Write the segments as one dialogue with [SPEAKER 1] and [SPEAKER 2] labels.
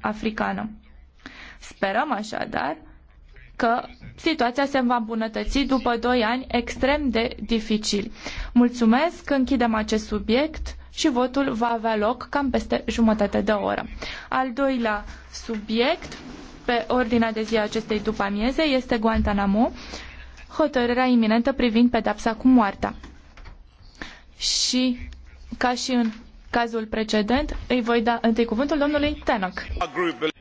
[SPEAKER 1] africană. Sperăm așadar că situația se va îmbunătăți după doi ani extrem de dificili. Mulțumesc, închidem acest subiect și votul va avea loc cam peste jumătate de oră. Al doilea subiect pe ordinea de zi a acestei după amieze este Guantanamo, hotărârea iminentă privind pedapsa cu moartea. Și ca și în cazul precedent, îi voi da întâi cuvântul domnului Tenoc.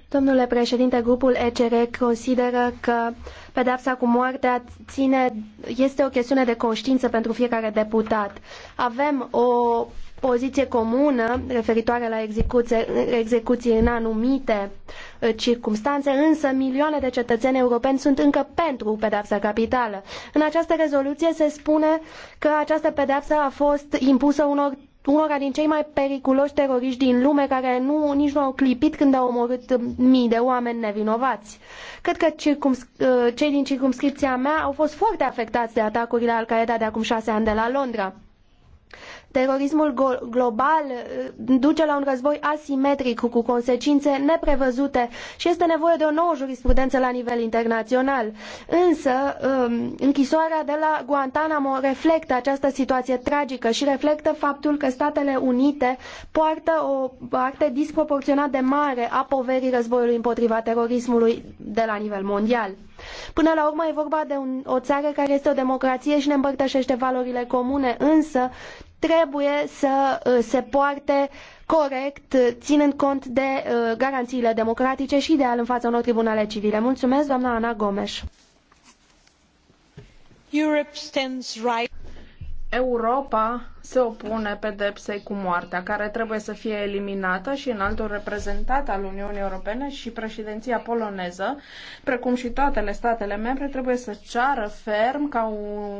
[SPEAKER 2] Domnule președinte, grupul ECR consideră că pedepsa cu moartea ține, este o chestiune de conștiință pentru fiecare deputat. Avem o poziție comună referitoare la execuție, execuții în anumite uh, circumstanțe, însă milioane de cetățeni europeni sunt încă pentru pedepsa capitală. În această rezoluție se spune că această pedepsă a fost impusă unor unora din cei mai periculoși teroriști din lume care nu, nici nu au clipit când au omorât mii de oameni nevinovați. Cred că uh, cei din circumscripția mea au fost foarte afectați de atacurile Al-Qaeda de acum șase ani de la Londra. Terorismul global uh, duce la un război asimetric cu consecințe neprevăzute și este nevoie de o nouă jurisprudență la nivel internațional. Însă, um, închisoarea de la Guantanamo reflectă această situație tragică și reflectă faptul că Statele Unite poartă o parte disproporționat de mare a poverii războiului împotriva terorismului de la nivel mondial. Până la urmă e vorba de un, o țară care este o democrație și ne împărtășește valorile comune, însă trebuie să uh, se poarte corect, ținând cont de uh, garanțiile democratice și ideal în fața unor tribunale civile. Mulțumesc, doamna Ana Gomes.
[SPEAKER 3] Europa se opune pedepsei cu moartea, care trebuie să fie eliminată și în altul reprezentat al Uniunii Europene și președinția poloneză, precum și toate statele membre, trebuie să ceară ferm ca uh,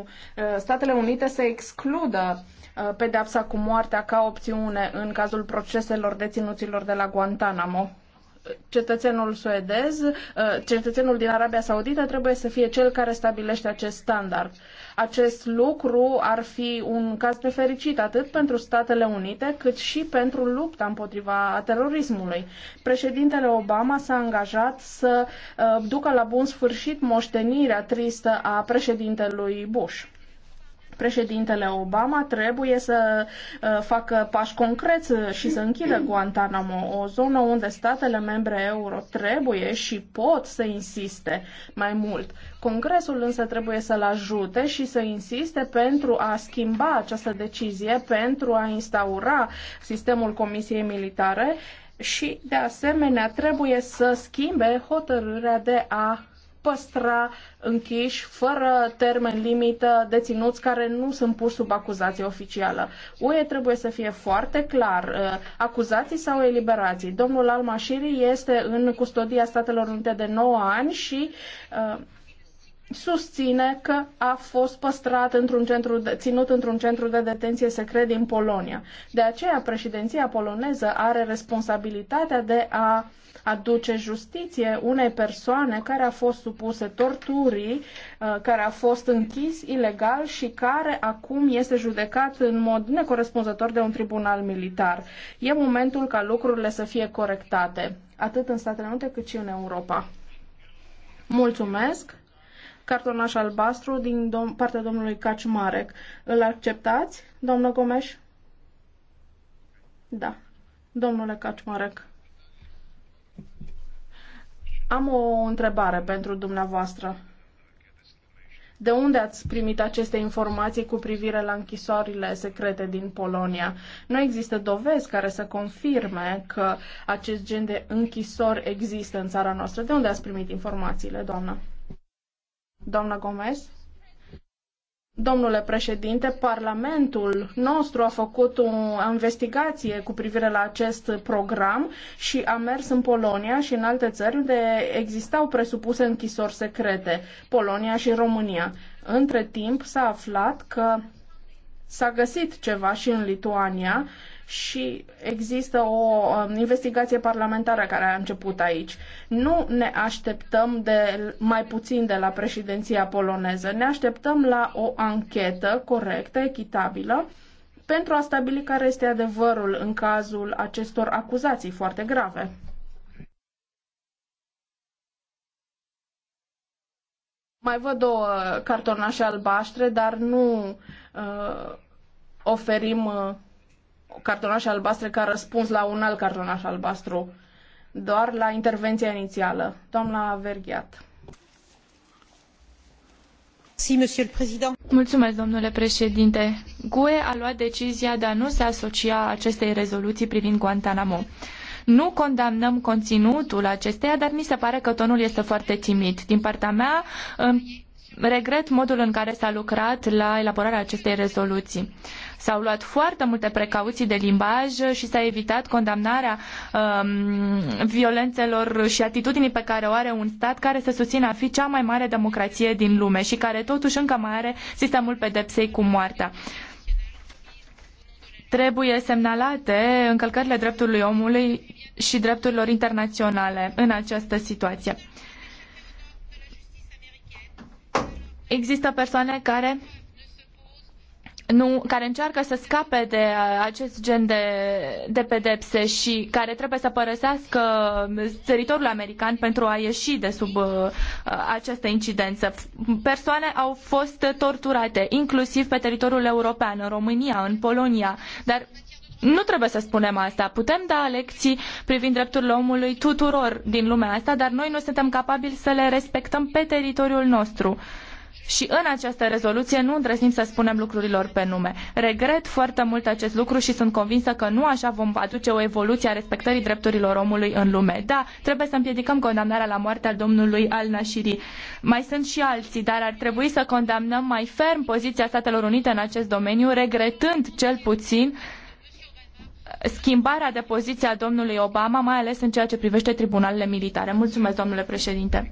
[SPEAKER 3] statele unite să excludă Uh, pedeapsa cu moartea ca opțiune în cazul proceselor deținuților de la Guantanamo cetățenul suedez, uh, cetățenul din Arabia Saudită trebuie să fie cel care stabilește acest standard. Acest lucru ar fi un caz nefericit atât pentru Statele Unite, cât și pentru lupta împotriva terorismului. Președintele Obama s-a angajat să uh, ducă la bun sfârșit moștenirea tristă a președintelui Bush președintele Obama trebuie să uh, facă pași concreți și să închidă Guantanamo, o zonă unde statele membre euro trebuie și pot să insiste mai mult. Congresul însă trebuie să-l ajute și să insiste pentru a schimba această decizie, pentru a instaura sistemul Comisiei Militare și, de asemenea, trebuie să schimbe hotărârea de a păstra închiși, fără termen limită, deținuți care nu sunt puși sub acuzație oficială. UE trebuie să fie foarte clar, uh, acuzații sau eliberații. Domnul Al-Mashiri este în custodia Statelor Unite de 9 ani și uh, susține că a fost păstrat într-un centru de, ținut într-un centru de detenție secret din Polonia. De aceea, președinția poloneză are responsabilitatea de a aduce justiție unei persoane care a fost supuse torturii, uh, care a fost închis ilegal și care acum este judecat în mod necorespunzător de un tribunal militar. E momentul ca lucrurile să fie corectate, atât în Statele Unite cât și în Europa. Mulțumesc! Cartonaș albastru din dom- partea domnului Cacimarec. Îl acceptați, domnul Gomeș? Da. Domnule Cacimarec. Am o întrebare pentru dumneavoastră. De unde ați primit aceste informații cu privire la închisorile secrete din Polonia? Nu există dovezi care să confirme că acest gen de închisori există în țara noastră. De unde ați primit informațiile, doamnă? Doamna Gomez? Domnule președinte, Parlamentul nostru a făcut o investigație cu privire la acest program și a mers în Polonia și în alte țări unde existau presupuse închisori secrete, Polonia și România. Între timp s-a aflat că s-a găsit ceva și în Lituania și există o investigație parlamentară care a început aici. Nu ne așteptăm de mai puțin de la președinția poloneză, ne așteptăm la o anchetă corectă, echitabilă, pentru a stabili care este adevărul în cazul acestor acuzații foarte grave. Mai văd două cartonașe albaștre, dar nu uh, oferim uh, cartonașe albastre ca răspuns la un alt cartonaș albastru, doar la intervenția inițială. Doamna Verghiat.
[SPEAKER 1] Mulțumesc, domnule președinte. GUE a luat decizia de a nu se asocia acestei rezoluții privind Guantanamo. Nu condamnăm conținutul acesteia, dar mi se pare că tonul este foarte timid. Din partea mea, regret modul în care s-a lucrat la elaborarea acestei rezoluții. S-au luat foarte multe precauții de limbaj și s-a evitat condamnarea um, violențelor și atitudinii pe care o are un stat care se susține a fi cea mai mare democrație din lume și care totuși încă mai are sistemul pedepsei cu moartea trebuie semnalate încălcările drepturilor omului și drepturilor internaționale în această situație. Există persoane care nu, care încearcă să scape de uh, acest gen de, de pedepse și care trebuie să părăsească teritoriul american pentru a ieși de sub uh, această incidență. Persoane au fost torturate, inclusiv pe teritoriul european, în România, în Polonia, dar nu trebuie să spunem asta. Putem da lecții privind drepturile omului tuturor din lumea asta, dar noi nu suntem capabili să le respectăm pe teritoriul nostru. Uh, și în această rezoluție nu îndrăznim să spunem lucrurilor pe nume. Regret foarte mult acest lucru și sunt convinsă că nu așa vom aduce o evoluție a respectării drepturilor omului în lume. Da, trebuie să împiedicăm condamnarea la moarte a domnului Al-Nashiri. Mai sunt și alții, dar ar trebui să condamnăm mai ferm poziția Statelor Unite în acest domeniu, regretând cel puțin schimbarea de poziție a domnului Obama, mai ales în ceea ce privește tribunalele militare. Mulțumesc, domnule președinte.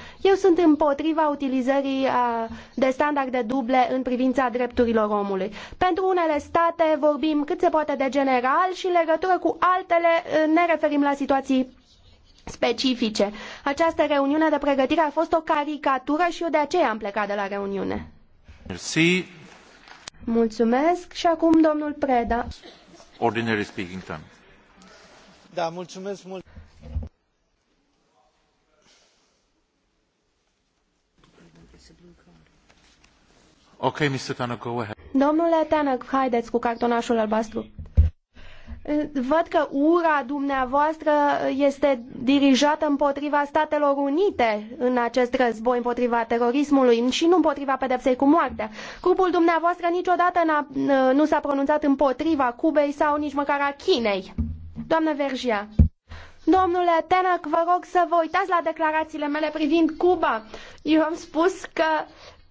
[SPEAKER 2] Eu sunt împotriva utilizării uh, de standarde duble în privința drepturilor omului. Pentru unele state vorbim cât se poate de general și în legătură cu altele uh, ne referim la situații specifice. Această reuniune de pregătire a fost o caricatură și eu de aceea am plecat de la reuniune. Merci. Mulțumesc și acum domnul Preda.
[SPEAKER 4] Ordinary speaking time. Da, mulțumesc mult
[SPEAKER 2] Domnule Tanăc, haideți cu cartonașul albastru. Văd că ura dumneavoastră este dirijată împotriva Statelor Unite în acest război împotriva terorismului și nu împotriva pedepsei cu moartea. Grupul dumneavoastră niciodată nu s-a pronunțat împotriva Cubei sau nici măcar a Chinei. Doamnă Vergia. Domnule Tenac, vă rog să vă uitați la declarațiile mele privind Cuba. Eu am spus că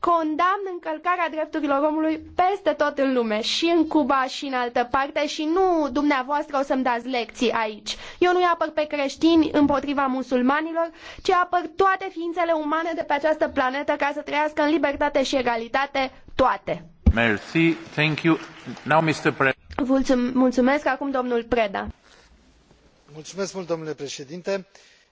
[SPEAKER 2] condamn încălcarea drepturilor omului peste tot în lume, și în Cuba și în altă parte și nu dumneavoastră o să-mi dați lecții aici. Eu nu-i apăr pe creștini împotriva musulmanilor, ci apăr toate ființele umane de pe această planetă ca să trăiască în libertate și egalitate toate.
[SPEAKER 4] Merci. Thank you. Now, Mr. Pre-
[SPEAKER 2] Mulțumesc. Acum domnul Preda.
[SPEAKER 4] Mulțumesc mult, domnule președinte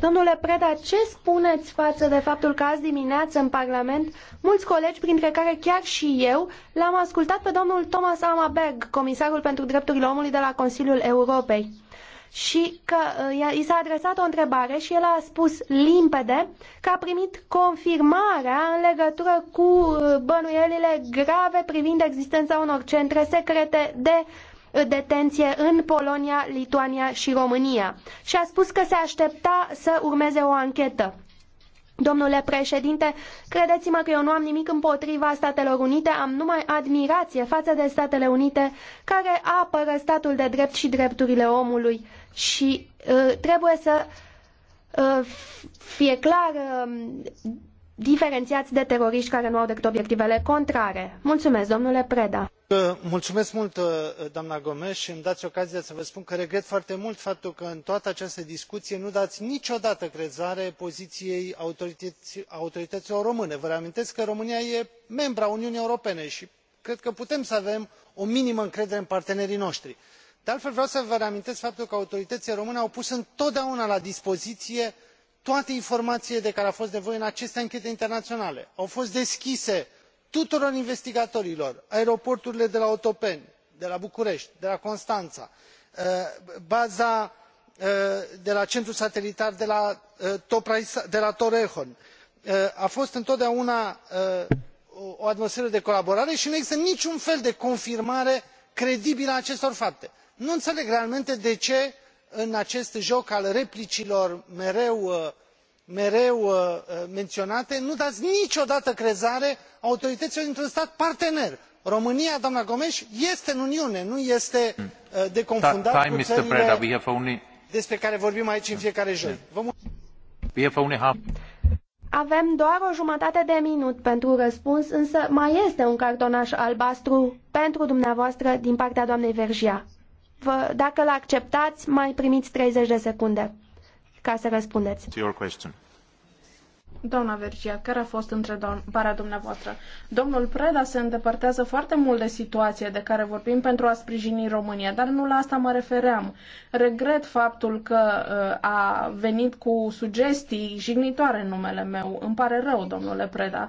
[SPEAKER 2] Domnule Preda, ce spuneți față de faptul că azi dimineață în Parlament mulți colegi, printre care chiar și eu, l-am ascultat pe domnul Thomas Amaberg, comisarul pentru drepturile omului de la Consiliul Europei și că uh, i s-a adresat o întrebare și el a spus limpede că a primit confirmarea în legătură cu uh, bănuielile grave privind existența unor centre secrete de detenție în Polonia, Lituania și România și a spus că se aștepta să urmeze o anchetă. Domnule președinte, credeți-mă că eu nu am nimic împotriva Statelor Unite, am numai admirație față de Statele Unite care apără statul de drept și drepturile omului și uh, trebuie să uh, fie clar uh, diferențiați de teroriști care nu au decât obiectivele contrare. Mulțumesc, domnule Preda.
[SPEAKER 4] Mulțumesc mult, uh, doamna Gomes, și îmi dați ocazia să vă spun că regret foarte mult faptul că în toată această discuție nu dați niciodată crezare poziției autorităților române. Vă reamintesc că România e membră a Uniunii Europene și cred că putem să avem o minimă încredere în partenerii noștri. De altfel, vreau să vă reamintesc faptul că autoritățile române au pus întotdeauna la dispoziție toate informațiile de care a fost nevoie în aceste anchete internaționale au fost deschise tuturor investigatorilor aeroporturile de la otopeni de la bucurești de la constanța eh, baza eh, de la centrul satelitar de la eh, torrejon a fost întotdeauna o atmosferă de colaborare și nu există niciun fel de confirmare credibilă a acestor fapte. nu îneleg realmente de ce în acest joc al replicilor mereu uh, uh, menționate nu dați niciodată crezare autorităților dintr un stat partener. românia doamnă gomes este în uniune nu este uh, de confundat cu țările despre care vorbim aici în fiecare joi.
[SPEAKER 2] Avem doar o jumătate de minut pentru răspuns, însă mai este un cartonaș albastru pentru dumneavoastră din partea doamnei Vergia. Vă, dacă l acceptați, mai primiți 30 de secunde ca să răspundeți. Doamna Vergia, care a fost
[SPEAKER 3] întrebarea dumneavoastră?
[SPEAKER 2] Domnul Preda se îndepărtează foarte
[SPEAKER 3] mult de situația de care vorbim pentru a sprijini România, dar nu la asta mă refeream. Regret faptul că uh, a venit cu sugestii jignitoare în numele meu. Îmi pare rău, domnule Preda. Uh,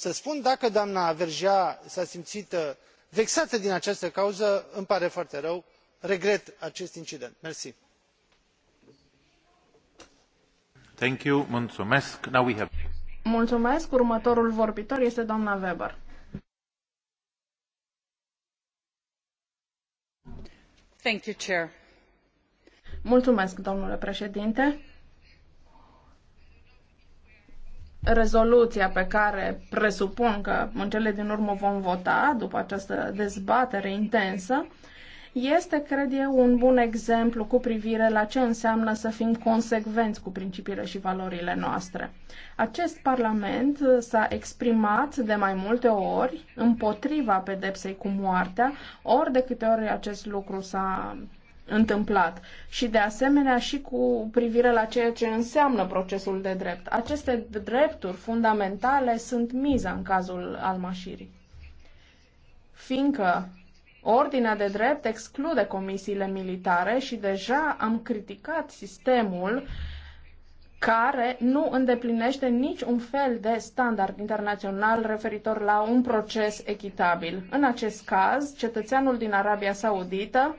[SPEAKER 4] să spun dacă doamna vergiat s a simțit uh, vexată din această cauză îmi pare foarte rău regret acest incident.
[SPEAKER 3] Mulțumesc. Următorul vorbitor este doamna Weber. Mulțumesc, domnule președinte. rezoluția pe care presupun că în cele din urmă vom vota după această dezbatere intensă, este, cred eu, un bun exemplu cu privire la ce înseamnă să fim consecvenți cu principiile și valorile noastre. Acest Parlament s-a exprimat de mai multe ori împotriva pedepsei cu moartea, ori de câte ori acest lucru s-a întâmplat și de asemenea și cu privire la ceea ce înseamnă procesul de drept. Aceste drepturi fundamentale sunt miza în cazul Almașirii. Fiindcă ordinea de drept exclude comisiile militare și deja am criticat sistemul care nu îndeplinește niciun fel de standard internațional referitor la un proces echitabil. În acest caz, cetățeanul din Arabia Saudită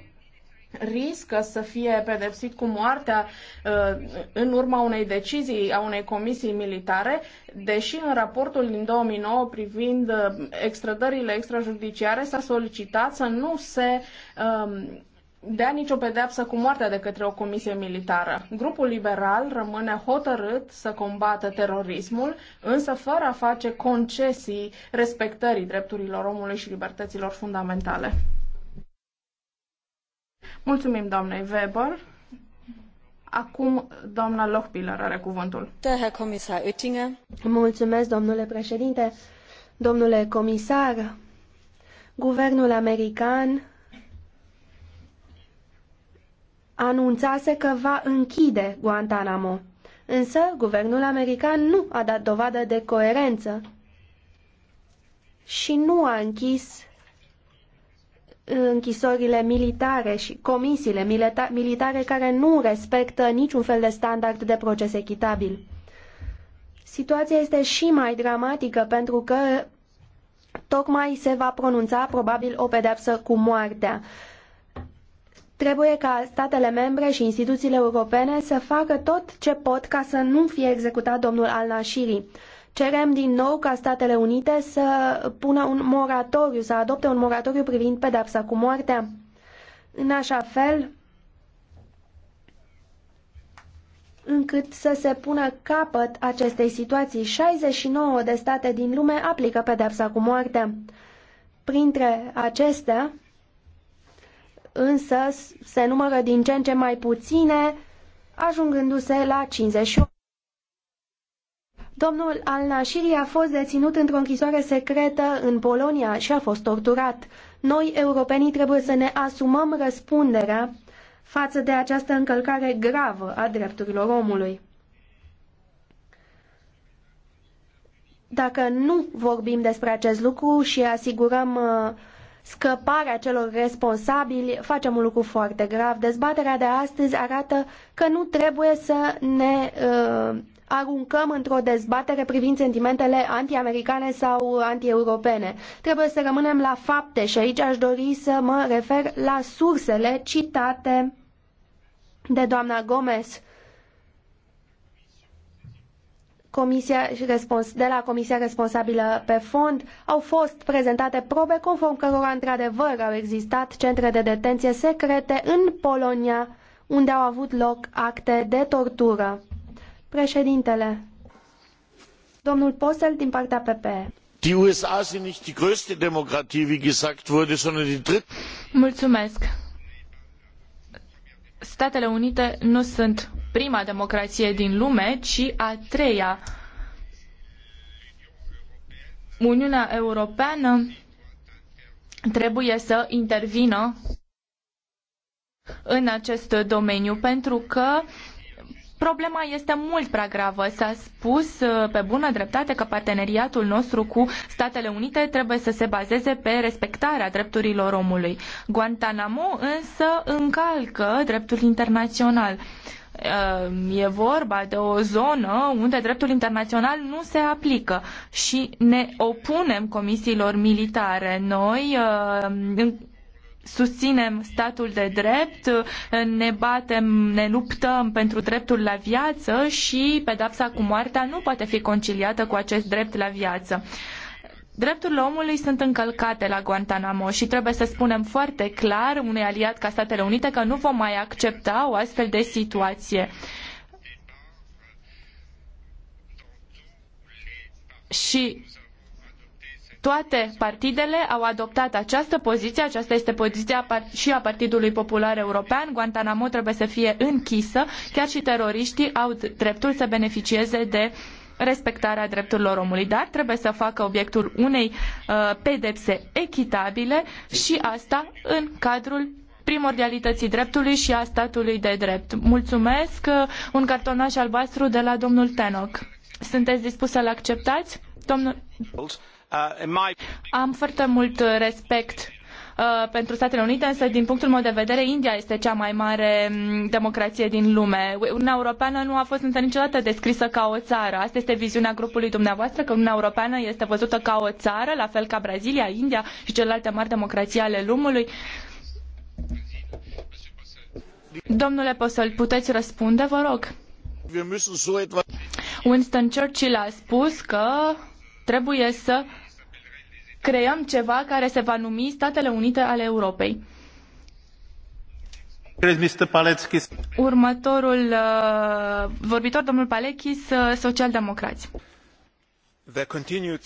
[SPEAKER 3] riscă să fie pedepsit cu moartea uh, în urma unei decizii a unei comisii militare, deși în raportul din 2009 privind uh, extrădările extrajudiciare s-a solicitat să nu se um, dea nicio pedeapsă cu moartea de către o comisie militară. Grupul liberal rămâne hotărât să combată terorismul, însă fără a face concesii respectării drepturilor omului și libertăților fundamentale. Mulțumim doamnei Weber. Acum doamna Lochbiller are cuvântul.
[SPEAKER 2] Herr Comisar Oettinger. Mulțumesc, domnule președinte. Domnule comisar, guvernul american anunțase că va închide Guantanamo. Însă, guvernul american nu a dat dovadă de coerență și nu a închis închisorile militare și comisiile milita militare care nu respectă niciun fel de standard de proces echitabil. Situația este și mai dramatică pentru că tocmai se va pronunța probabil o pedepsă cu moartea. Trebuie ca statele membre și instituțiile europene să facă tot ce pot ca să nu fie executat domnul al-Nashiri. Cerem din nou ca Statele Unite să pună un moratoriu, să adopte un moratoriu privind pedapsa cu moartea. În așa fel încât să se pună capăt acestei situații. 69 de state din lume aplică pedepsa cu moartea. Printre acestea, însă, se numără din ce în ce mai puține, ajungându-se la 58. Domnul al-Nashiri a fost deținut într-o închisoare secretă în Polonia și a fost torturat. Noi, europenii, trebuie să ne asumăm răspunderea față de această încălcare gravă a drepturilor omului. Dacă nu vorbim despre acest lucru și asigurăm uh, scăparea celor responsabili, facem un lucru foarte grav. Dezbaterea de astăzi arată că nu trebuie să ne uh, aruncăm într-o dezbatere privind sentimentele antiamericane sau antieuropene. Trebuie să rămânem la fapte și aici aș dori să mă refer la sursele citate de doamna Gomez comisia de la comisia responsabilă pe fond au fost prezentate probe conform cărora într-adevăr au existat centre de detenție secrete în Polonia unde au avut loc acte de tortură. Președintele, domnul Posel din partea PPE.
[SPEAKER 4] Die USA sind nicht die größte Demokratie, wie gesagt wurde, sondern die dritte.
[SPEAKER 1] Mulțumesc. Statele Unite nu sunt prima democrație din lume, ci a treia. Uniunea Europeană trebuie să intervină în acest domeniu pentru că uh, Problema este mult prea gravă. S-a spus uh, pe bună dreptate că parteneriatul nostru cu Statele Unite trebuie să se bazeze pe respectarea drepturilor omului. Guantanamo însă încalcă dreptul internațional. Uh, e vorba de o zonă unde dreptul internațional nu se aplică și ne opunem comisiilor militare. Noi uh, susținem statul de drept, ne batem, ne luptăm pentru dreptul la viață și pedapsa cu moartea nu poate fi conciliată cu acest drept la viață. Drepturile omului sunt încălcate la Guantanamo și trebuie să spunem foarte clar unui aliat ca Statele Unite că nu vom mai accepta o astfel de situație. Și toate partidele au adoptat această poziție, aceasta este poziția și a Partidului Popular European. Guantanamo trebuie să fie închisă, chiar și teroriștii au dreptul să beneficieze de respectarea drepturilor omului, dar trebuie să facă obiectul unei uh, pedepse echitabile și asta în cadrul primordialității dreptului și a statului de drept. Mulțumesc. Uh, un cartonaș albastru de la domnul Tenoc. Sunteți dispus să-l acceptați? Domnul... Uh, Am foarte mult uh, respect uh, pentru Statele Unite, însă din punctul meu de vedere India este cea mai mare mm, democrație din lume. Uniunea Europeană nu a fost însă niciodată descrisă ca o țară. Asta este viziunea grupului dumneavoastră, că Uniunea Europeană este văzută ca o țară, la fel ca Brazilia, India și celelalte mari democrații ale lumului. Domnule Posol, puteți răspunde, vă rog? Winston Churchill a spus că trebuie să creăm ceva care se va numi Statele Unite ale Europei. Următorul uh, vorbitor, domnul Palechis, uh, socialdemocrați.
[SPEAKER 4] The continued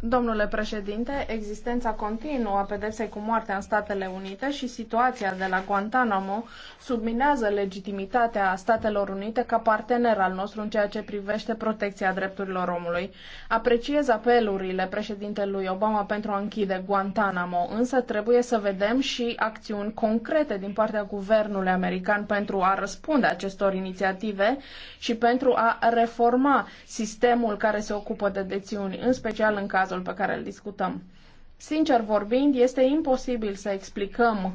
[SPEAKER 1] Domnule președinte,
[SPEAKER 3] existența continuă a pedepsei cu moartea în Statele Unite și situația de la Guantanamo subminează legitimitatea Statelor Unite ca partener al nostru în ceea ce privește protecția drepturilor omului. Apreciez apelurile președintelui Obama pentru a închide Guantanamo, însă trebuie să vedem și acțiuni concrete din partea guvernului american pentru a răspunde acestor inițiative și pentru a reforma sistemul care se ocupă de dețiuni sancțiuni, în special în cazul pe care îl discutăm. Sincer vorbind, este imposibil să explicăm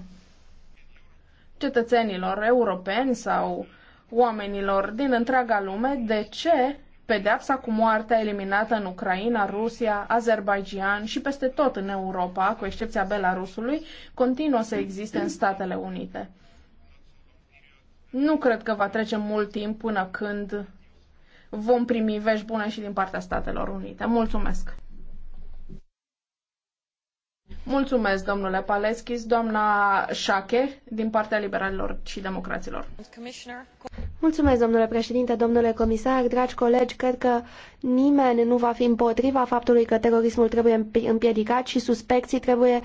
[SPEAKER 3] cetățenilor europeni sau oamenilor din întreaga lume de ce pedeapsa cu moartea eliminată în Ucraina, Rusia, Azerbaijan și peste tot în Europa, cu excepția Belarusului, continuă să existe în Statele Unite. Nu cred că va trece mult timp până când vom primi vești bune și din partea Statelor Unite. Mulțumesc! Mulțumesc, domnule Paleschis, doamna Șache, din partea liberalilor și democraților.
[SPEAKER 2] Mulțumesc, domnule președinte, domnule comisar, dragi colegi, cred că nimeni nu va fi împotriva faptului că terorismul trebuie împiedicat și suspecții trebuie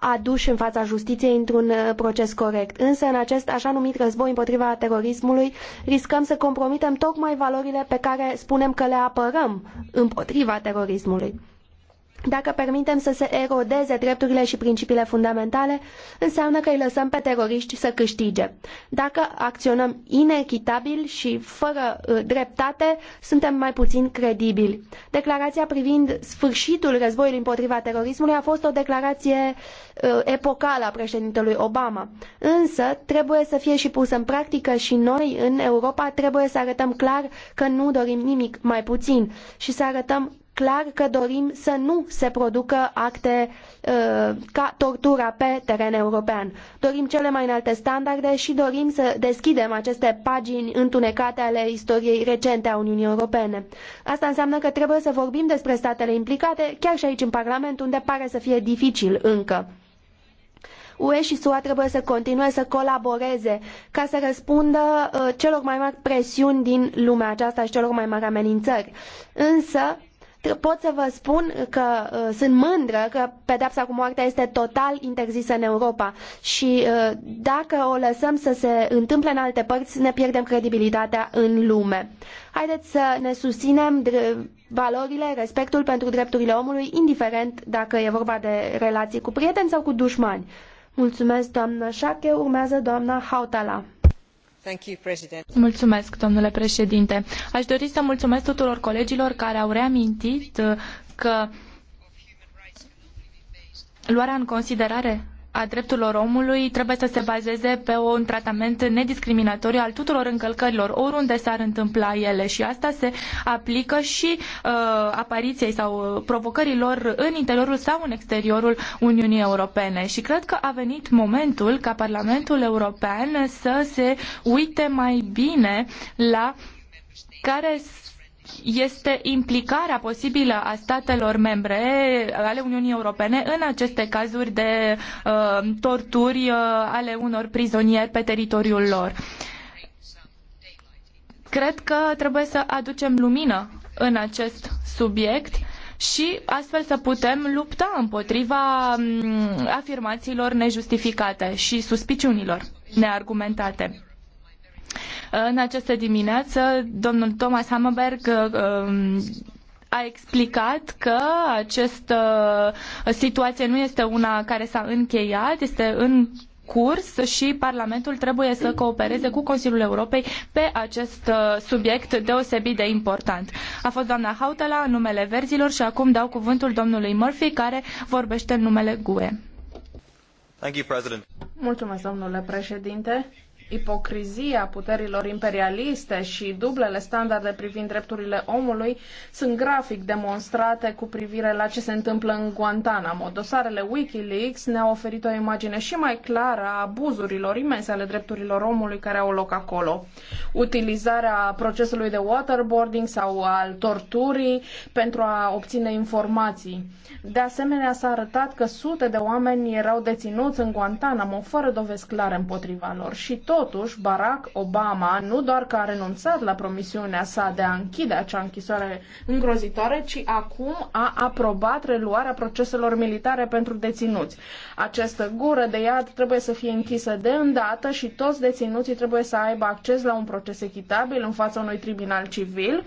[SPEAKER 2] aduși în fața justiției într-un uh, proces corect. Însă, în acest așa numit război împotriva terorismului, riscăm să compromitem tocmai valorile pe care spunem că le apărăm împotriva terorismului. Dacă permitem să se erodeze drepturile și principiile fundamentale, înseamnă că îi lăsăm pe teroriști să câștige. Dacă acționăm inechitabil și fără ă, dreptate, suntem mai puțin credibili. Declarația privind sfârșitul războiului împotriva terorismului a fost o declarație ă, epocală a președintelui Obama. Însă, trebuie să fie și pusă în practică și noi, în Europa, trebuie să arătăm clar că nu dorim nimic mai puțin și să arătăm clar că dorim să nu se producă acte uh, ca tortura pe teren european. Dorim cele mai înalte standarde și dorim să deschidem aceste pagini întunecate ale istoriei recente a Uniunii Europene. Asta înseamnă că trebuie să vorbim despre statele implicate, chiar și aici în Parlament, unde pare să fie dificil încă. UE și SUA trebuie să continue să colaboreze ca să răspundă uh, celor mai mari presiuni din lumea aceasta și celor mai mari amenințări. Însă, pot să vă spun că uh, sunt mândră că pedepsa cu moartea este total interzisă în Europa și uh, dacă o lăsăm să se întâmple în alte părți, ne pierdem credibilitatea în lume. Haideți să ne susținem valorile, respectul pentru drepturile omului, indiferent dacă e vorba de relații cu prieteni sau cu dușmani. Mulțumesc, doamnă Șache. Urmează doamna Hautala.
[SPEAKER 1] Mulțumesc, domnule președinte. Aș dori să mulțumesc tuturor colegilor care au reamintit că luarea în considerare a drepturilor omului trebuie să se bazeze pe un tratament nediscriminatoriu al tuturor încălcărilor, oriunde s-ar întâmpla ele și asta se aplică și uh, apariției sau uh, provocărilor în interiorul sau în exteriorul Uniunii Europene. Și cred că a venit momentul ca Parlamentul European să se uite mai bine la care este implicarea posibilă a statelor membre ale Uniunii Europene în aceste cazuri de uh, torturi uh, ale unor prizonieri pe teritoriul lor. Cred că trebuie să aducem lumină în acest subiect și astfel să putem lupta împotriva mm, afirmațiilor nejustificate și suspiciunilor neargumentate. În această dimineață, domnul Thomas Hammerberg uh, um, a explicat că această uh, situație nu este una care s-a încheiat, este în curs și Parlamentul trebuie să coopereze cu Consiliul Europei pe acest uh, subiect deosebit de important. A fost doamna Hautala în numele verzilor și acum dau cuvântul domnului Murphy care vorbește în numele GUE.
[SPEAKER 3] Mulțumesc, domnule președinte. Ipocrizia puterilor imperialiste și dublele standarde privind drepturile omului sunt grafic demonstrate cu privire la ce se întâmplă în Guantanamo. Dosarele Wikileaks ne-au oferit o imagine și mai clară a abuzurilor imense ale drepturilor omului care au loc acolo. Utilizarea procesului de waterboarding sau al torturii pentru a obține informații. De asemenea, s-a arătat că sute de oameni erau deținuți în Guantanamo fără dovezi clare împotriva lor și tot Totuși, Barack Obama nu doar că a renunțat la promisiunea sa de a închide acea închisoare îngrozitoare, ci acum a aprobat reluarea proceselor militare pentru deținuți. Această gură de iad trebuie să fie închisă de îndată și toți deținuții trebuie să aibă acces la un proces echitabil în fața unui tribunal civil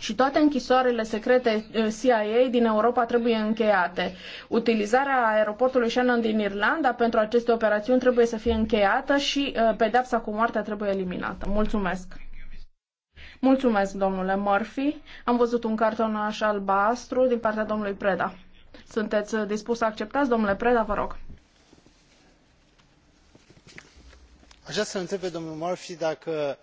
[SPEAKER 3] și toate închisoarele secrete eh, CIA din Europa trebuie încheiate. Utilizarea aeroportului Shannon din Irlanda pentru aceste operațiuni trebuie să fie încheiată și eh, pedepsa cu moartea trebuie eliminată. Mulțumesc! Mulțumesc, domnule Murphy. Am văzut un cartonaș albastru din partea domnului Preda. Sunteți eh, dispus să acceptați, domnule Preda, vă rog.
[SPEAKER 4] Aș vrea să întreb pe domnul Murphy dacă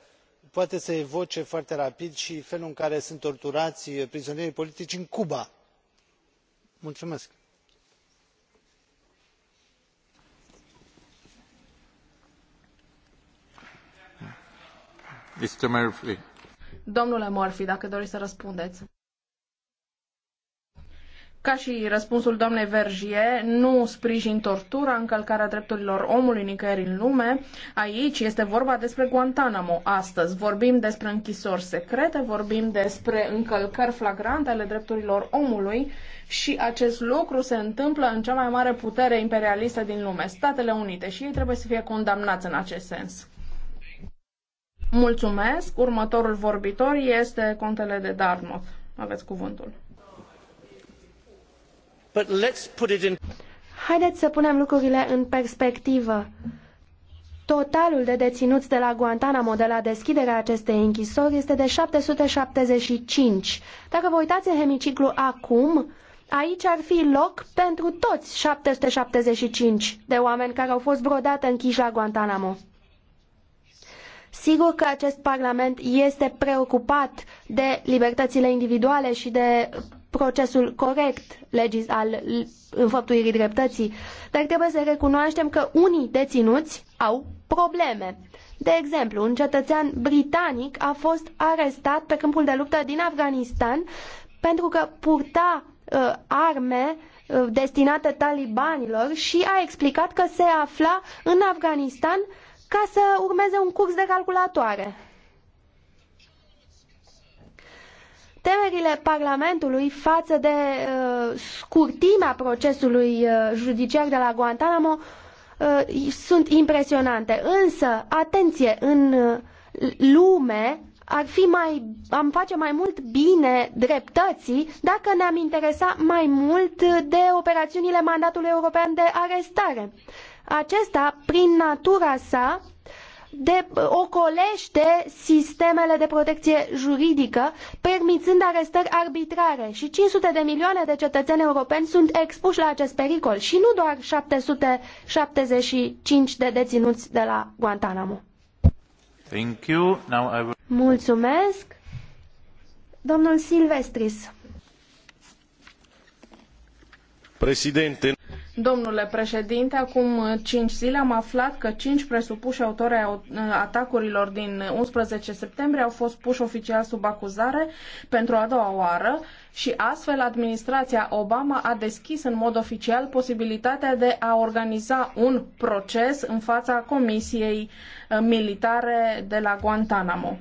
[SPEAKER 4] poate să evoce foarte rapid i felul în care sunt torturai prizonierii politici în cuba.
[SPEAKER 3] domnule murphy dacă doriți să răspundeți. Ca și răspunsul doamnei Vergie, nu sprijin tortura, încălcarea drepturilor omului nicăieri în lume. Aici este vorba despre Guantanamo astăzi. Vorbim despre închisori secrete, vorbim despre încălcări flagrante ale drepturilor omului și acest lucru se întâmplă în cea mai mare putere imperialistă din lume, Statele Unite, și ei trebuie să fie condamnați în acest sens. Mulțumesc. Următorul vorbitor este
[SPEAKER 2] contele de Dartmouth.
[SPEAKER 3] Aveți cuvântul
[SPEAKER 4] but let's put it in...
[SPEAKER 2] Haideți să punem lucrurile în perspectivă. Totalul de deținuți de la Guantanamo de la deschiderea acestei închisori este de 775. Dacă vă uitați în hemiciclu acum, aici ar fi loc pentru toți 775 de oameni care au fost vreodată închiși la Guantanamo. Sigur că acest Parlament este preocupat de libertățile individuale și de procesul corect legis al înfăptuirii dreptății, dar trebuie să recunoaștem că unii deținuți au probleme. De exemplu, un cetățean britanic a fost arestat pe câmpul de luptă din Afganistan pentru că purta uh, arme uh, destinate talibanilor și a explicat că se afla în Afganistan ca să urmeze un curs de calculatoare. temerile Parlamentului față de uh, scurtimea procesului uh, judiciar de la Guantanamo uh, sunt impresionante. Însă, atenție, în uh, lume ar fi mai, am face mai mult bine dreptății dacă ne-am interesa mai mult de operațiunile mandatului european de arestare. Acesta, prin natura sa, de, ocolește sistemele de protecție juridică, permițând arestări arbitrare și 500 de milioane de cetățeni europeni sunt expuși la acest pericol și nu doar 775 de deținuți de la Guantanamo.
[SPEAKER 4] Thank you. Now I will...
[SPEAKER 2] Mulțumesc. Domnul Silvestris.
[SPEAKER 3] Domnule președinte, acum cinci zile am aflat că cinci presupuși autori ai atacurilor din 11 septembrie au fost puși oficial sub acuzare pentru a doua oară și astfel administrația Obama a deschis în mod oficial posibilitatea de a organiza un proces în fața Comisiei eh, Militare de la Guantanamo.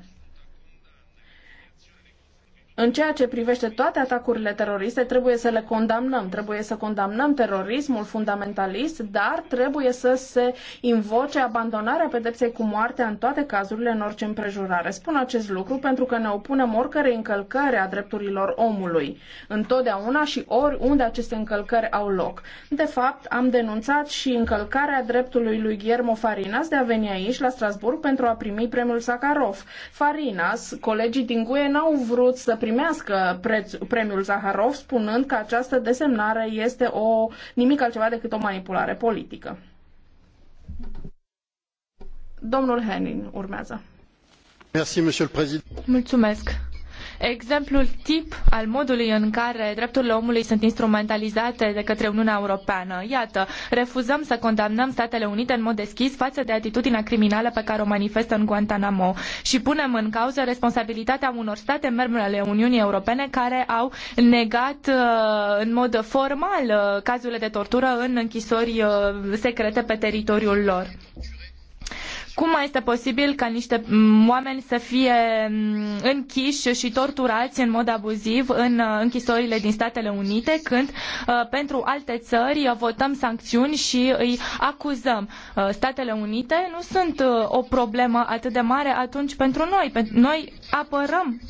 [SPEAKER 3] În ceea ce privește toate atacurile teroriste, trebuie să le condamnăm. Trebuie să condamnăm terorismul fundamentalist, dar trebuie să se invoce abandonarea pedepsei cu moartea în toate cazurile, în orice împrejurare. Spun acest lucru pentru că ne opunem oricărei încălcări a drepturilor omului, întotdeauna și oriunde aceste încălcări au loc. De fapt, am denunțat și încălcarea dreptului lui Guillermo Farinas de a veni aici, la Strasbourg pentru a primi premiul Sakharov. Farinas, colegii din GUE n-au vrut să primească preț, premiul Zaharov, spunând că această desemnare este o nimic altceva decât o manipulare politică.
[SPEAKER 1] Domnul Henning urmează. Mulțumesc exemplul tip al modului în care drepturile omului sunt instrumentalizate de către Uniunea Europeană. Iată, refuzăm să condamnăm Statele Unite în mod deschis față de atitudinea criminală pe care o manifestă în Guantanamo și punem în cauză responsabilitatea unor state membre ale Uniunii Europene care au negat uh, în mod formal uh, cazurile de tortură în închisori uh, secrete pe teritoriul lor. Cum mai este posibil ca niște mm, oameni să fie mm, închiși și torturați în mod abuziv în uh, închisorile din Statele Unite, când uh, pentru alte țări uh, votăm sancțiuni și îi acuzăm? Statele Unite nu sunt o problemă atât de mare atunci pentru noi. Noi apărăm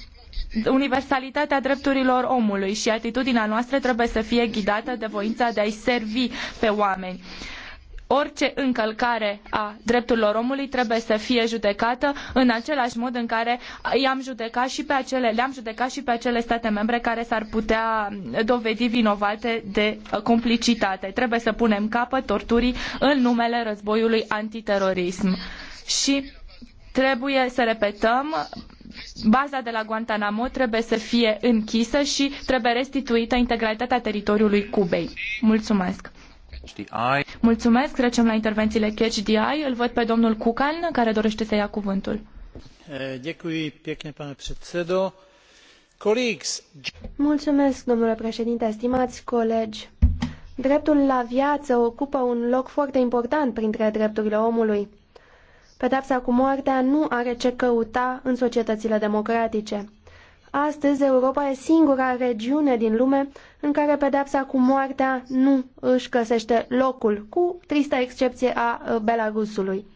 [SPEAKER 1] universalitatea drepturilor omului și atitudinea noastră trebuie să fie ghidată de voința de a-i servi pe oameni orice încălcare a drepturilor omului trebuie să fie judecată în același mod în care i-am judecat și pe acele, le-am judecat și pe acele state membre care s-ar putea dovedi vinovate de uh, complicitate. Trebuie să punem capăt torturii în numele războiului antiterorism. Și trebuie să repetăm baza de la Guantanamo trebuie să fie închisă și trebuie restituită integralitatea teritoriului Cubei. Mulțumesc! Mulțumesc, trecem la intervențiile Catch the Eye. Îl văd pe domnul Cucan, care dorește să ia cuvântul.
[SPEAKER 4] Eh,
[SPEAKER 2] Mulțumesc, domnule președinte, stimați colegi. Dreptul la viață ocupă un loc foarte important printre drepturile omului. Pedepsa cu moartea nu are ce căuta în societățile democratice. Astăzi, Europa e singura regiune din lume în care pedepsa cu moartea nu își găsește locul, cu trista excepție a uh, Belarusului.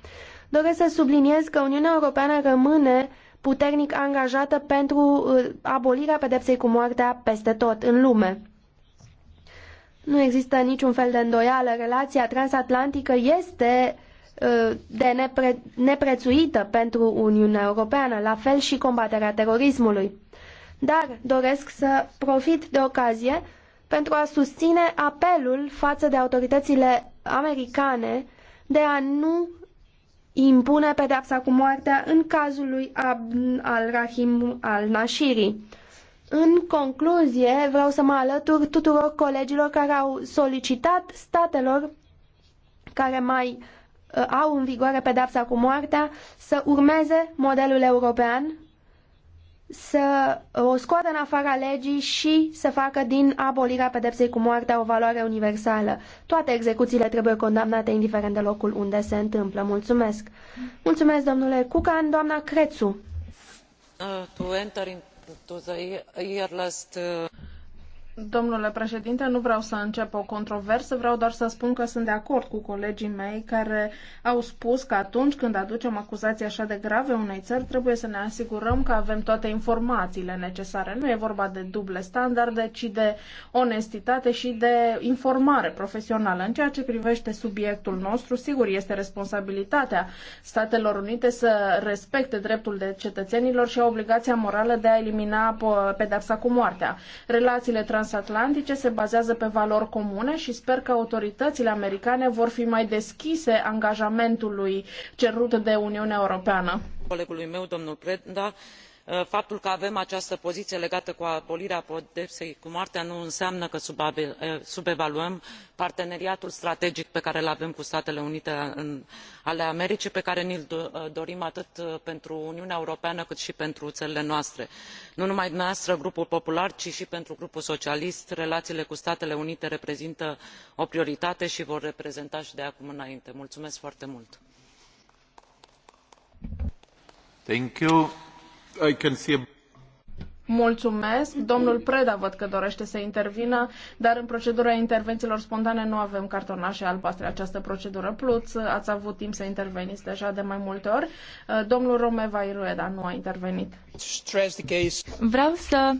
[SPEAKER 2] Doresc să subliniez că Uniunea Europeană rămâne puternic angajată pentru uh, abolirea pedepsei cu moartea peste tot în lume. Nu există niciun fel de îndoială. Relația transatlantică este uh, de nepre, neprețuită pentru Uniunea Europeană, la fel și combaterea terorismului dar doresc să profit de ocazie pentru a susține apelul față de autoritățile americane de a nu impune pedepsa cu moartea în cazul lui Abn al-Rahim al-Nashiri. În concluzie, vreau să mă alătur tuturor colegilor care au solicitat statelor care mai uh, au în vigoare pedepsa cu moartea să urmeze modelul european să o scoată în afara legii și să facă din abolirea pedepsei cu moartea o valoare universală. Toate execuțiile trebuie condamnate indiferent de locul unde se întâmplă. Mulțumesc! Mulțumesc, domnule Cucan, doamna Crețu!
[SPEAKER 4] Uh, to enter into the year last, uh...
[SPEAKER 3] Domnule președinte, nu vreau să încep o controversă, vreau doar să spun că sunt de acord cu colegii mei care au spus că atunci când aducem acuzații așa de grave unei țări, trebuie să ne asigurăm că avem toate informațiile necesare. Nu e vorba de duble standarde, ci de onestitate și de informare profesională. În ceea ce privește subiectul nostru, sigur, este responsabilitatea Statelor Unite să respecte dreptul de cetățenilor și obligația morală de a elimina pedepsa cu moartea. Relațiile trans transatlantice se bazează pe valori comune și sper că autoritățile americane vor fi mai deschise angajamentului cerut de Uniunea Europeană. Colegului meu, domnul Preda, Uh, faptul că avem această poziie legată de abolirea pedepsei cu moartea nu înseamnă că uh, subevaluăm parteneriatul strategic pe care îl avem cu statele unite ale americii pe care ni l uh, dorim atât pentru uniunea europeană cât i pentru ările noastre. nu numai dumneavoastră grupul popular ci i pentru grupul socialist relaiile cu statele unite reprezintă o prioritate i vor reprezenta i de acum înainte. mulumesc foarte mult! Mulțumesc. Domnul Preda văd că dorește să intervină, dar în procedura intervențiilor spontane nu avem cartonașe albastre această procedură. Plus, ați avut timp să interveniți deja de mai multe
[SPEAKER 1] ori. Domnul Romeva Irueda nu a intervenit. Vreau să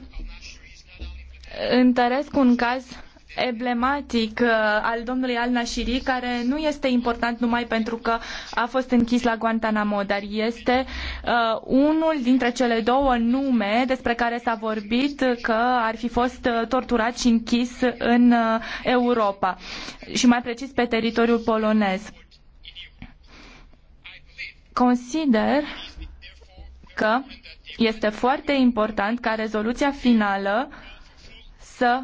[SPEAKER 1] întăresc un caz emblematic uh, al domnului Al Nashiri, care nu este important numai pentru că a fost închis la Guantanamo, dar este uh, unul dintre cele două nume despre care s-a vorbit că ar fi fost uh, torturat și închis în uh, Europa și mai precis pe teritoriul polonez. Consider că este foarte important ca rezoluția finală să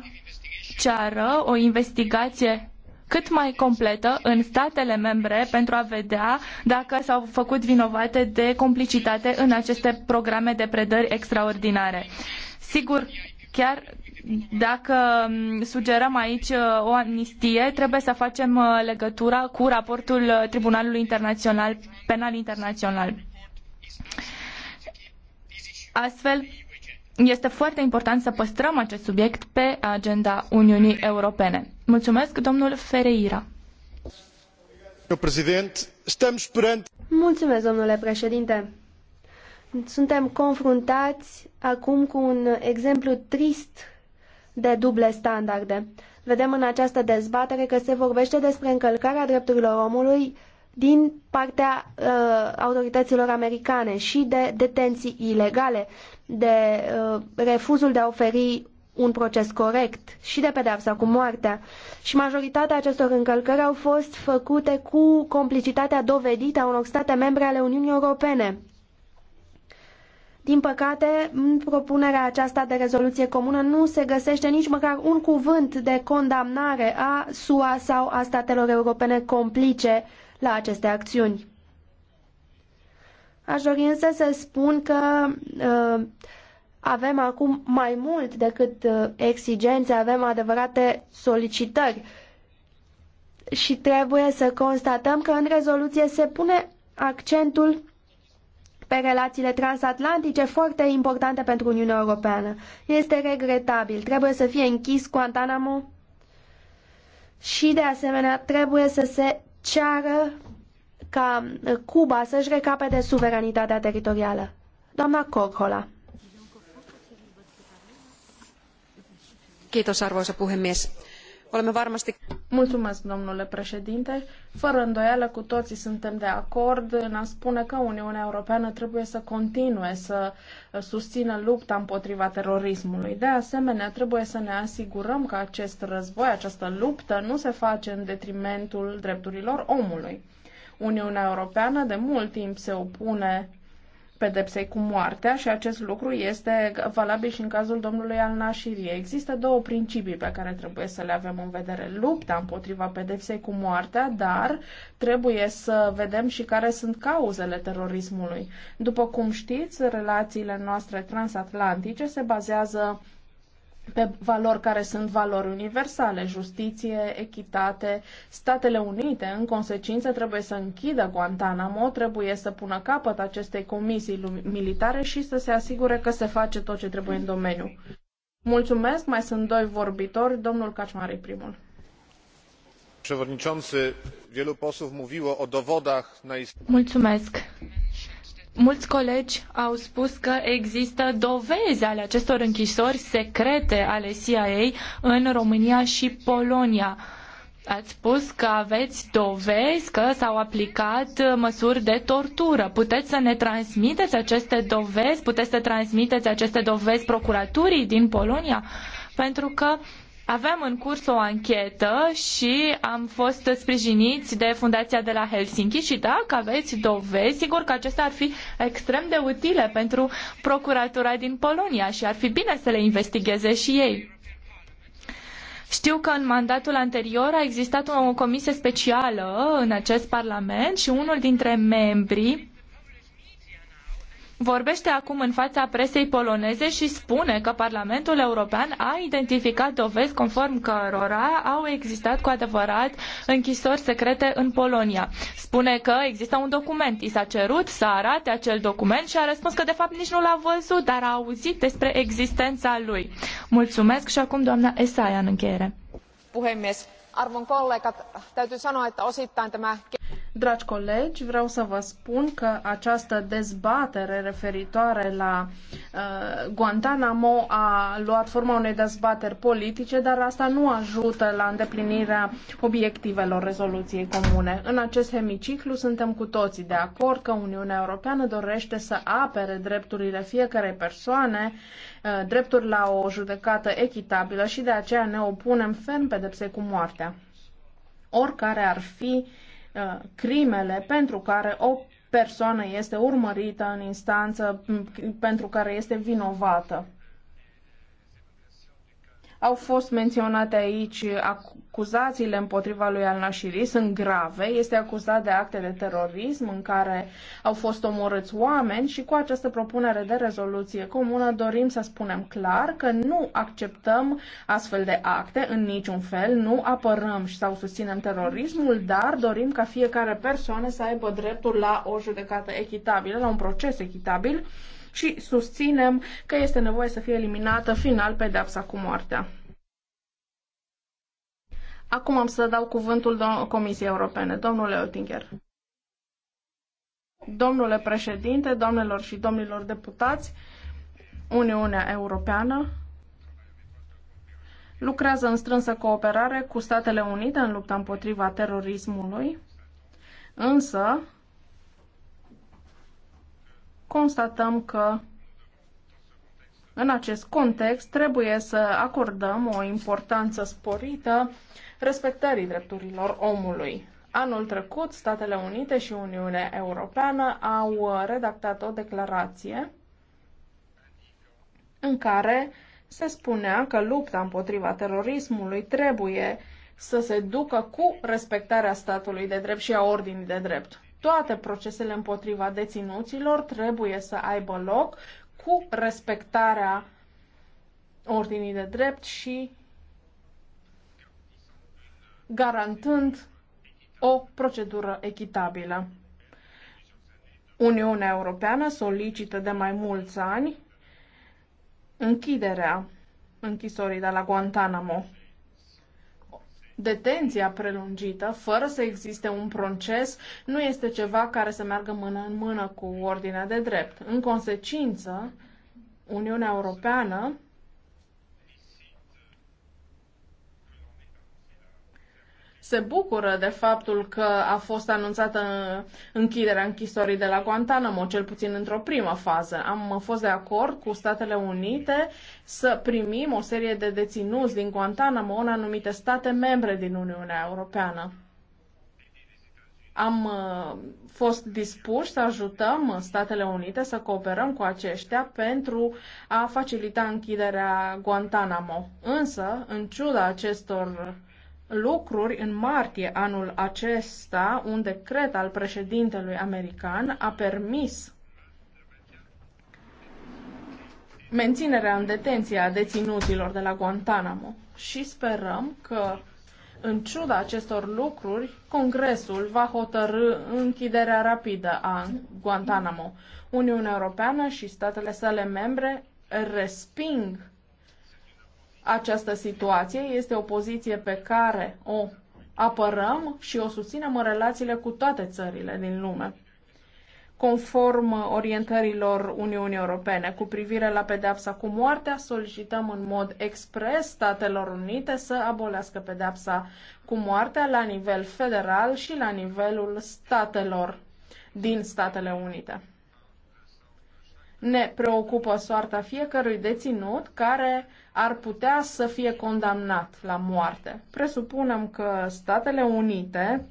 [SPEAKER 1] ceară o investigație cât mai completă în statele membre pentru a vedea dacă s-au făcut vinovate de complicitate în aceste programe de predări extraordinare. Sigur, chiar dacă mm, sugerăm aici uh, o amnistie, trebuie să facem uh, legătura cu raportul uh, Tribunalului Internațional, Penal Internațional. Astfel, este foarte important să păstrăm acest subiect pe agenda Uniunii Europene. Mulțumesc, domnul Ferreira. Mulțumesc,
[SPEAKER 2] domnule președinte. Suntem confruntați acum cu un exemplu trist de duble standarde. Vedem în această dezbatere că se vorbește despre încălcarea drepturilor omului din partea uh, autorităților americane și de detenții ilegale, de uh, refuzul de a oferi un proces corect și de pedeapsa cu moartea. Și majoritatea acestor încălcări au fost făcute cu complicitatea dovedită a unor state membre ale Uniunii Europene. Din păcate, în propunerea aceasta de rezoluție comună nu se găsește nici măcar un cuvânt de condamnare a SUA sau a statelor europene complice uh, la aceste acțiuni. Aș dori însă să spun că uh, avem acum mai mult decât uh, exigențe, avem adevărate solicitări și trebuie să constatăm că în rezoluție se pune accentul pe relațiile transatlantice foarte importante pentru Uniunea Europeană. Este regretabil, trebuie să fie închis Guantanamo și de asemenea trebuie să se ceară ca uh, Cuba să-și recapete suveranitatea teritorială. Doamna Corhola.
[SPEAKER 3] Kiitos, arvoisa puhemies. Mulțumesc, domnule președinte. Fără îndoială, cu toții suntem de acord în a spune că Uniunea Europeană trebuie să continue să uh, susțină lupta împotriva terorismului. De asemenea, trebuie să ne asigurăm că acest război, această luptă, nu se face în detrimentul drepturilor omului. Uniunea Europeană de mult timp se opune pedepsei cu moartea și acest lucru este valabil și în cazul domnului al Nashiri. Există două principii pe care trebuie să le avem în vedere. Lupta împotriva pedepsei cu moartea, dar trebuie să vedem și care sunt cauzele terorismului. După cum știți, relațiile noastre transatlantice se bazează pe valori care sunt valori universale, justiție, echitate. Statele Unite, în consecință, trebuie să închidă Guantanamo, trebuie să pună capăt acestei comisii militare și să se asigure că se face tot ce trebuie în domeniu. Mulțumesc, mai sunt doi vorbitori, domnul Kaczmarek primul.
[SPEAKER 4] Przewodniczący, wielu posłów mówiło o dowodach na
[SPEAKER 1] Mulțumesc. Mulți colegi au spus că există dovezi ale acestor închisori secrete ale CIA în România și Polonia. Ați spus că aveți dovezi că s-au aplicat măsuri de tortură. Puteți să ne transmiteți aceste dovezi? Puteți să transmiteți aceste dovezi procuraturii din Polonia? Pentru că Aveam în curs o anchetă și am fost sprijiniți de Fundația de la Helsinki și dacă aveți dovezi, sigur că acestea ar fi extrem de utile pentru procuratura din Polonia și ar fi bine să le investigheze și ei. Știu că în mandatul anterior a existat o comisie specială în acest parlament și unul dintre membrii vorbește acum în fața presei poloneze și spune că Parlamentul European a identificat dovezi conform cărora au existat cu adevărat închisori secrete în Polonia. Spune că există un document, i s-a cerut să arate acel document și a răspuns că de fapt nici nu l-a văzut, dar a auzit despre existența lui. Mulțumesc și acum doamna Esaia în încheiere. Puhemies, arvon kollegat,
[SPEAKER 3] täytyy sanoa, että osittain tämä Dragi colegi, vreau să vă spun că această dezbatere referitoare la uh, Guantanamo a luat forma unei dezbateri politice, dar asta nu ajută la îndeplinirea obiectivelor rezoluției comune. În acest hemiciclu suntem cu toții de acord că Uniunea Europeană dorește să apere drepturile fiecarei persoane, uh, drepturi la o judecată echitabilă și de aceea ne opunem ferm pedepse cu moartea oricare ar fi Uh, crimele pentru care o persoană este urmărită în instanță, pentru care este vinovată. Au fost menționate aici acuzațiile împotriva lui Al-Nashiri, sunt grave. Este acuzat de acte de terorism în care au fost omorâți oameni și cu această propunere de rezoluție comună dorim să spunem clar că nu acceptăm astfel de acte în niciun fel, nu apărăm și sau susținem terorismul, dar dorim ca fiecare persoană să aibă dreptul la o judecată echitabilă, la un proces echitabil și susținem că este nevoie să fie eliminată final pedeapsa cu moartea. Acum am să dau cuvântul Comisiei Europene. Domnule Oettinger. Domnule președinte, domnilor și domnilor deputați, Uniunea Europeană lucrează în strânsă cooperare cu Statele Unite în lupta împotriva terorismului, însă constatăm că în acest context trebuie să acordăm o importanță sporită respectării drepturilor omului. Anul trecut, Statele Unite și Uniunea Europeană au redactat o declarație în care se spunea că lupta împotriva terorismului trebuie să se ducă cu respectarea statului de drept și a ordinii de drept. Toate procesele împotriva deținuților trebuie să aibă loc cu respectarea ordinii de drept și garantând o procedură echitabilă. Uniunea Europeană solicită de mai mulți ani închiderea închisorii de la Guantanamo. Detenția prelungită, fără să existe un proces, nu este ceva care să meargă mână în mână cu ordinea de drept. În consecință, Uniunea Europeană se bucură de faptul că a fost anunțată închiderea închisorii de la Guantanamo, cel puțin într-o primă fază. Am fost de acord cu Statele Unite să primim o serie de deținuți din Guantanamo în anumite state membre din Uniunea Europeană am uh, fost dispuși să ajutăm Statele Unite să cooperăm cu aceștia pentru a facilita închiderea Guantanamo. Însă, în ciuda acestor lucruri în martie anul acesta, un decret al președintelui american a permis menținerea în detenție a deținuților de la Guantanamo și sperăm că, în ciuda acestor lucruri, Congresul va hotărâ închiderea rapidă a Guantanamo. Uniunea Europeană și statele sale membre resping această situație. Este o poziție pe care o apărăm și o susținem în relațiile cu toate țările din lume. Conform orientărilor Uniunii Europene cu privire la pedepsa cu moartea, solicităm în mod expres Statelor Unite să abolească pedepsa cu moartea la nivel federal și la nivelul statelor din Statele Unite. Ne preocupă soarta fiecărui deținut care ar putea să fie condamnat la moarte. Presupunem că Statele Unite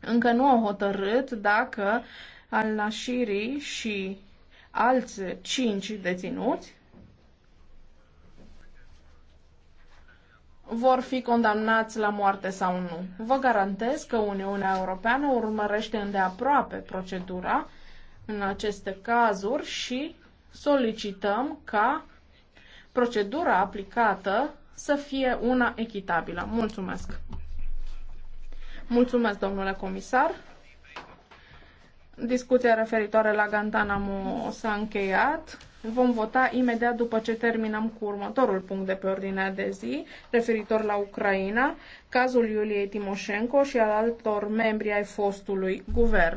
[SPEAKER 3] încă nu au hotărât dacă al-Nashiri și alți cinci deținuți vor fi condamnați la moarte sau nu. Vă garantez că Uniunea Europeană urmărește îndeaproape procedura în aceste cazuri și solicităm ca procedura aplicată să fie una echitabilă. Mulțumesc! Mulțumesc, domnule comisar! Discuția referitoare la Guantanamo s-a încheiat. Vom vota imediat după ce terminăm cu următorul punct de pe ordinea de zi, referitor la Ucraina, cazul Iuliei Timoșenko și al altor membri ai fostului guvern.